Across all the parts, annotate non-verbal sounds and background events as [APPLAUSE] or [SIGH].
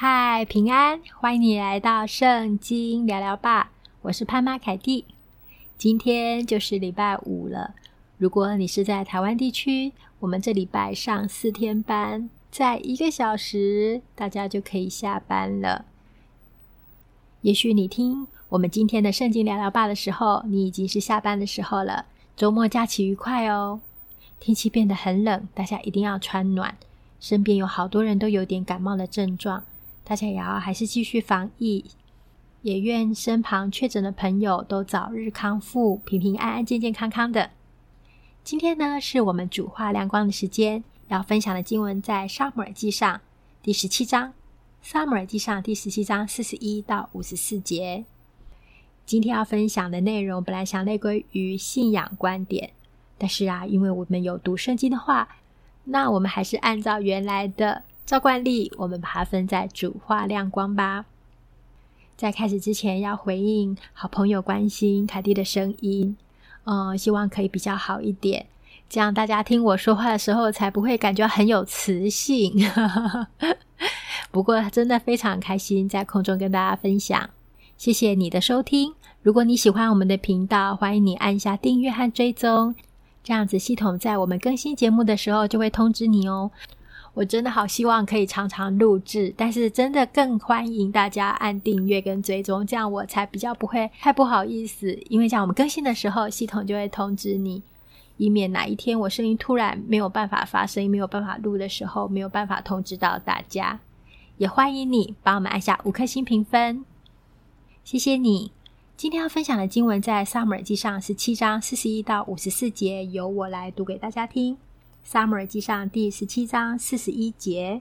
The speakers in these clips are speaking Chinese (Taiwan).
嗨，平安，歡迎你來到聖經聊聊吧。我是潘媽凱蒂，今天就是禮拜五了。如果你是在台灣地區，我們這禮拜上四天班，再一個小時大家就可以下班了。也許你聽我們今天的聖經聊聊吧的時候，你已經是下班的時候了。週末假期愉快哦！天氣變得很冷，大家一定要穿暖。身邊有好多人都有點感冒的症狀。大家也要還是繼續防疫，也願身旁確診的朋友都早日康復，平平安安，健健康康的。今天呢，是我們主話亮光的時間，要分享的經文在《撒母耳記》上第十七章，《撒母耳記上》第十七章四十一到五十四節。今天要分享的內容本來想類歸於信仰觀點，但是啊，因為我們有讀聖經的話，那我們還是按照原來的。照慣例，我們把它分在主話亮光吧。在開始之前，要回應好朋友關心凱蒂的聲音，嗯，希望可以比較好一點，這樣大家聽我說話的時候才不會感覺很有磁性。 [LAUGHS] 不過真的非常開心在空中跟大家分享，謝謝你的收聽。如果你喜歡我們的頻道，歡迎你按下訂閱和追蹤，這樣子系統在我們更新節目的時候就會通知你哦。我真的好希望可以常常錄製，但是真的更歡迎大家按訂閱跟追蹤，這樣我才比較不會太不好意思。因為像我們更新的時候，系統就會通知你，以免哪一天我聲音突然沒有辦法發聲、沒有辦法錄的時候，沒有辦法通知到大家。也歡迎你幫我們按下五顆星評分，謝謝你。今天要分享的經文在《撒母耳記上》十七章四十一到五十四節，由我來讀給大家聽。撒母耳記上第十七章四十一節，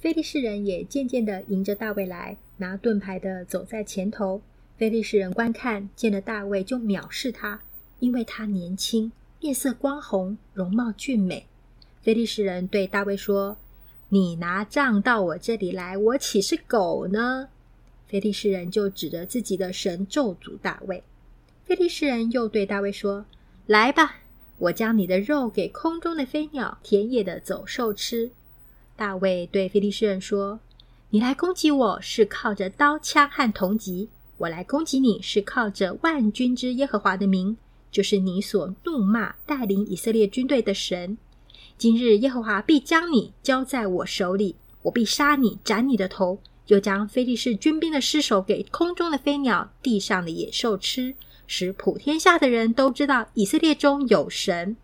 非利士人也漸漸的迎着大衛來，拿盾牌的走在前頭。非利士人觀看，見了大衛就藐視他，因為他年輕，面色光紅，容貌俊美。非利士人對大衛說：“你拿杖到我這裡來，我豈是狗呢？”非利士人就指着自己的神咒詛大衛。非利士人又對大衛說：“來吧。”我將你的肉給空中的飛鳥、田野的走獸吃。大衛對非利士人說：“你來攻擊我是靠着刀槍和銅戟，我來攻擊你是靠着萬軍之耶和華的名，就是你所怒罵帶領以色列軍隊的神。今日耶和華必將你交在我手裡，我必殺你，斬你的頭，又將非利士軍兵的屍首給空中的飛鳥、地上的野獸吃。”使普天下的人都知道以色列中有神，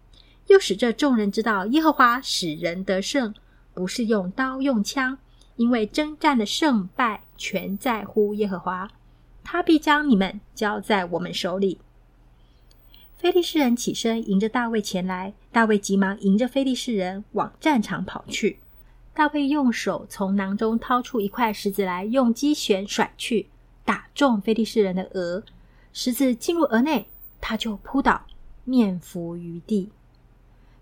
又使這眾人知道耶和華使人得勝，不是用刀用槍，因為征戰的勝敗全在乎耶和華，他必將你們交在我們手裡。非利士人起身迎着大衛前來，大衛急忙迎着非利士人往戰場跑去。大衛用手從囊中掏出一塊石子來，用機弦甩去，打中非利士人的額。石子進入額內，他就撲倒，面伏於地。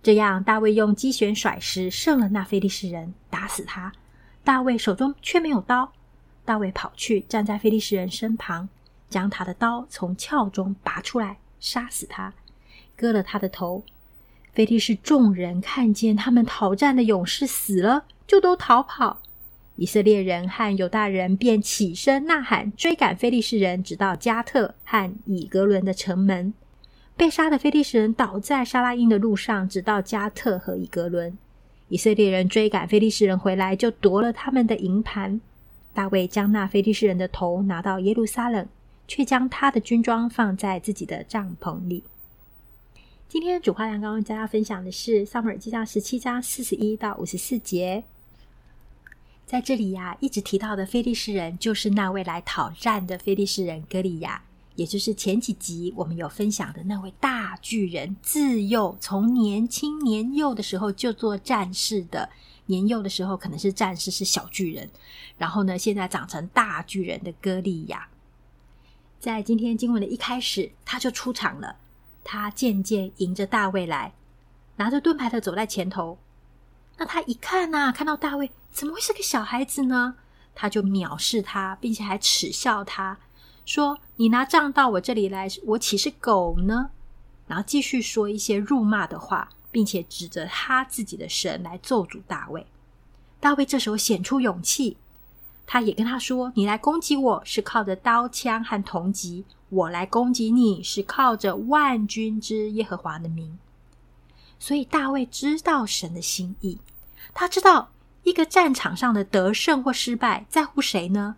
這樣，大衛用機旋甩石射了那菲利士人，打死他。大衛手中卻沒有刀。大衛跑去站在菲利士人身旁，將他的刀從鞘中拔出來，殺死他，割了他的頭。菲利士眾人看見他們討戰的勇士死了，就都逃跑。以色列人和猶大人便起身吶喊，追趕非利士人，直到加特和以格倫的城門。被殺的非利士人倒在沙拉音的路上，直到加特和以格倫。以色列人追趕非利士人回來，就奪了他們的營盤。大衛將那非利士人的頭拿到耶路撒冷，卻將他的軍裝放在自己的帳篷裡。今天主話亮光剛剛跟大家分享的是《撒母耳記上》十七章四十一到五十四節。在這裡呀、啊，一直提到的非利士人，就是那位來討戰的非利士人歌利亞，也就是前幾集我們有分享的那位大巨人。自幼從年輕年幼的時候就做戰士的，年幼的時候可能是戰士是小巨人，然後呢，現在長成大巨人的歌利亞，在今天經文的一開始他就出場了，他漸漸迎着大衛來，拿着盾牌的走在前頭。那他一看吶、啊，看到大衛怎麼會是個小孩子呢？他就藐視他，並且還恥笑他，說：“你拿杖到我這裡來，我豈是狗呢？”然後繼續說一些辱罵的話，並且指著他自己的神來咒詛大衛。大衛這時候顯出勇氣，他也跟他說：“你來攻擊我是靠着刀槍和銅戟，我來攻擊你是靠着萬軍之耶和華的名。”所以大衛知道神的心意。他知道一個戰場上的得勝或失敗在乎誰呢？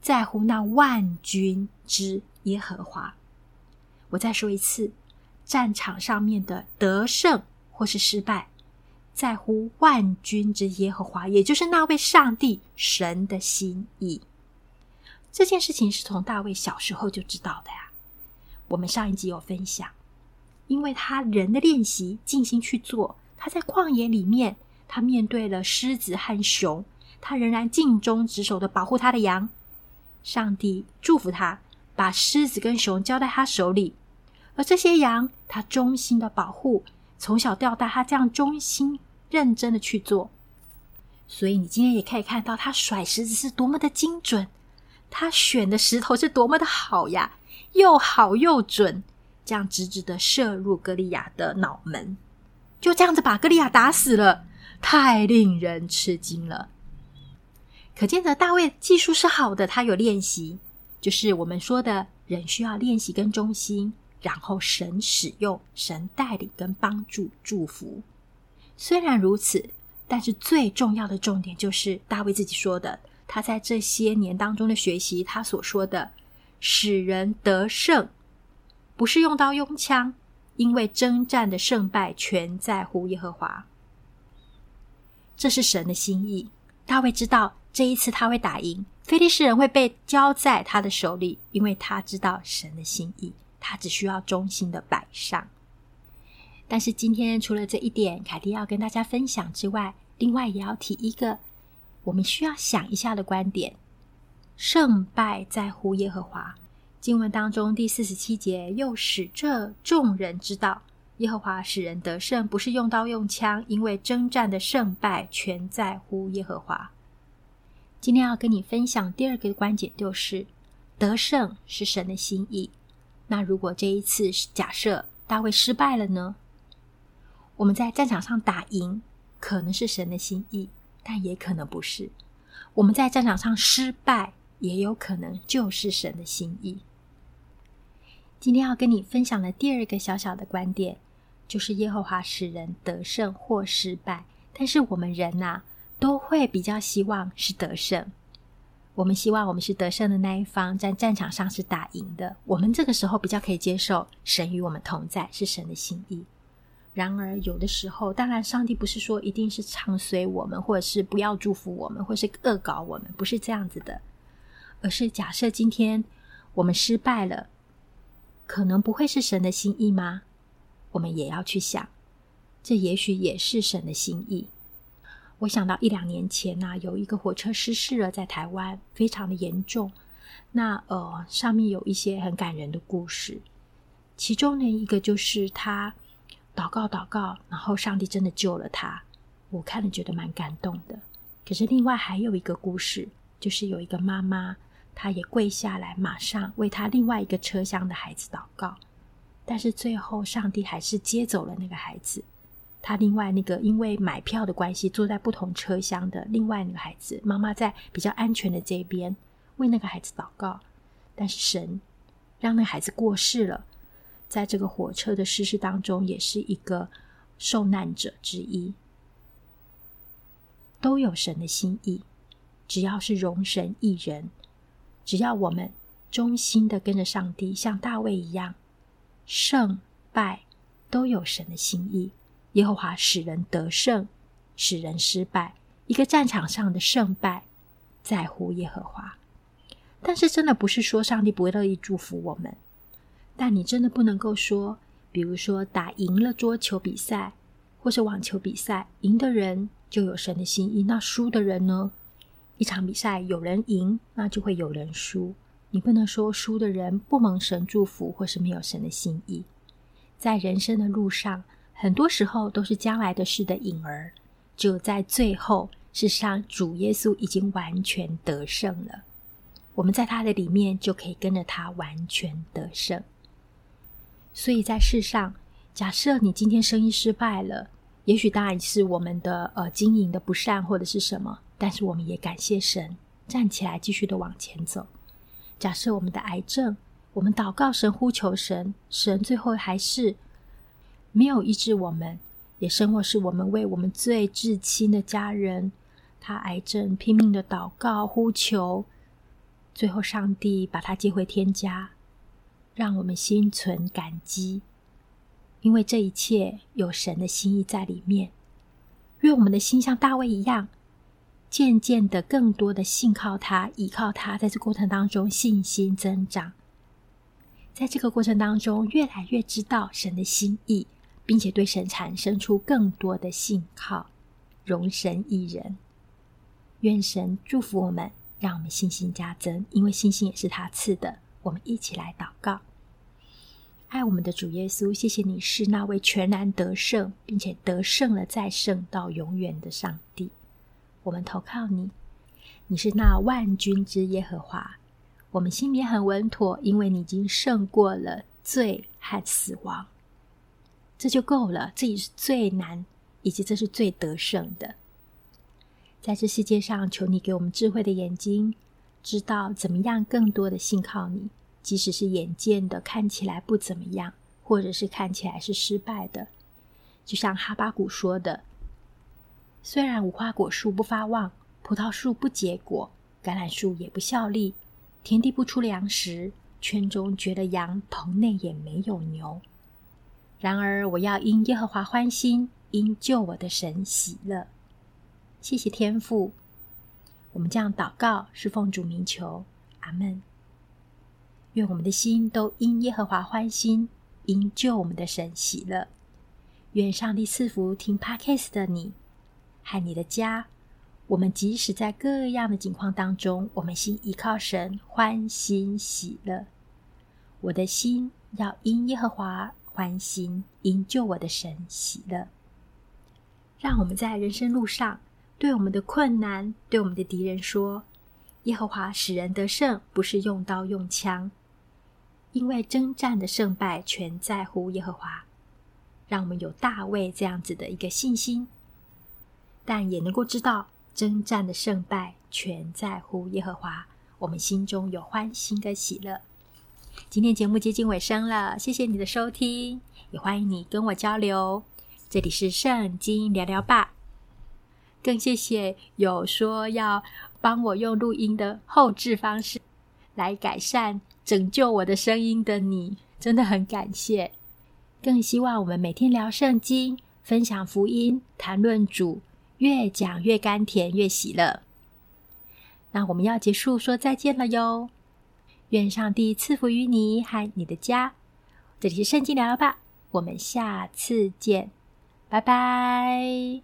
在乎那萬軍之耶和華。我再說一次，戰場上面的得勝或是失敗，在乎萬軍之耶和華，也就是那位上帝神的心意。這件事情是從大衛小時候就知道的呀、啊。我們上一集有分享，因為他人的練習，盡心去做，他在曠野裡面。他面對了獅子和熊，他仍然盡忠職守的保護他的羊。上帝祝福他，把獅子跟熊交在他手裡，而這些羊，他忠心的保護，從小到大，他這樣忠心認真的去做。所以你今天也可以看到，他甩石子是多麼的精準，他選的石頭是多麼的好呀，又好又準，這樣直直的射入歌利亞的腦門，就這樣子把歌利亞打死了。太令人吃驚了。可見得大衛技術是好的，他有練習，就是我們說的人需要練習跟忠心，然後神使用、神帶領跟幫助、祝福。雖然如此，但是最重要的重點就是大衛自己說的，他在這些年當中的學習，他所說的使人得勝，不是用刀用槍，因為爭戰的勝敗全在乎耶和華。這是神的心意。大衛知道這一次他會打贏，非利士人會被交在他的手裡，因為他知道神的心意，他只需要忠心的擺上。但是今天除了這一點，凱蒂要跟大家分享之外，另外也要提一個我們需要想一下的觀點：勝敗在乎耶和華。經文當中第四十七節又使這眾人知道。耶和華使人得勝，不是用刀用槍，因為征戰的勝敗全在乎耶和華。今天要跟你分享第二個觀點，就是得勝是神的心意。那如果這一次假設大衛失敗了呢？我們在戰場上打贏，可能是神的心意，但也可能不是。我們在戰場上失敗，也有可能就是神的心意。今天要跟你分享的第二個小小的觀點。就是耶和華使人得勝或失敗，但是我們人吶、啊，都會比較希望是得勝。我們希望我們是得勝的那一方，在戰場上是打贏的。我們這個時候比較可以接受神與我們同在，是神的心意。然而有的時候，當然上帝不是說一定是唱衰我們，或者是不要祝福我們，或者是惡搞我們，不是這樣子的。而是假設今天我們失敗了，可能不會是神的心意嗎？我們也要去想，這也許也是神的心意。我想到一兩年前呢、啊，有一個火車失事了，在台灣非常的嚴重。那呃，上面有一些很感人的故事，其中呢，一個就是他禱告禱告，然後上帝真的救了他。我看了覺得蠻感動的。可是另外還有一個故事，就是有一個媽媽，她也跪下來，馬上為她另外一個車廂的孩子禱告。但是最後，上帝還是接走了那個孩子。他另外那個因為買票的關係坐在不同車廂的另外那個孩子，媽媽在比較安全的這邊為那個孩子禱告。但是神讓那孩子過世了，在這個火車的失事當中，也是一個受難者之一。都有神的心意，只要是榮神益人，只要我們忠心的跟着上帝，像大衛一樣。勝敗都有神的心意，耶和華使人得勝，使人失敗。一個戰場上的勝敗，在乎耶和華。但是，真的不是說上帝不會樂意祝福我們。但你真的不能夠說，比如說打贏了桌球比賽或是網球比賽，贏的人就有神的心意，那輸的人呢？一場比賽有人贏，那就會有人輸。你不能說輸的人不蒙神祝福，或是沒有神的心意。在人生的路上，很多時候都是將來的事的影兒，只有在最後，世上主耶穌已經完全得勝了。我們在他的裡面，就可以跟着他完全得勝。所以在世上，假設你今天生意失敗了，也許當然是我們的呃經營的不善，或者是什麼，但是我們也感謝神，站起來繼續的往前走。假設我們的癌症，我們禱告神、神呼求神，神最後還是沒有醫治我們。也甚或是我們為我們最至親的家人，他癌症拼命的禱告呼求，最後上帝把他接回天家，讓我們心存感激，因為這一切有神的心意在裡面。願我們的心像大衛一樣。漸漸的，更多的信靠他，倚靠他，在這過程當中信心增長。在這個過程當中，越來越知道神的心意，並且對神產生出更多的信靠，榮神益人。願神祝福我們，讓我們信心加增，因為信心也是他賜的。我們一起來禱告：愛我們的主耶穌，謝謝你是那位全然得勝，並且得勝了再勝到永遠的上帝。我們投靠你，你是那萬軍之耶和華。我們心裡很穩妥，因為你已經勝過了罪和死亡，這就夠了。這也是最難，以及這是最得勝的。在這世界上，求你給我們智慧的眼睛，知道怎麼樣更多的信靠你，即使是眼見的看起來不怎麼樣，或者是看起來是失敗的，就像哈巴谷說的。雖然無花果樹不發旺，葡萄樹不結果，橄欖樹也不效力，田地不出糧食，圈中絕了羊，棚內也沒有牛。然而我要因耶和華歡心，因救我的神喜樂。謝謝天父，我們這樣禱告是奉主名求，阿門。願我們的心都因耶和華歡心，因救我們的神喜樂。願上帝賜福聽 Podcast 的你。和你的家，我們即使在各樣的境況當中，我們心依靠神，歡欣喜樂。我的心要因耶和華歡欣，因救我的神喜樂。讓我們在人生路上，對我們的困難，對我們的敵人說：耶和華使人得勝，不是用刀用槍，因為爭戰的勝敗全在乎耶和華。讓我們有大衛這樣子的一個信心。但也能夠知道，爭戰的勝敗全在乎耶和華。我們心中有歡欣的喜樂。今天節目接近尾聲了，謝謝你的收聽，也歡迎你跟我交流。這裡是《聖經聊聊吧》。更謝謝有說要幫我用錄音的後製方式來改善拯救我的聲音的你，真的很感謝。更希望我們每天聊聖經，分享福音，談論主。越講越甘甜，越喜樂。那我們要結束說再見了喲。願上帝賜福於你，還你的家。這裡是聖經聊吧，我們下次見，拜拜。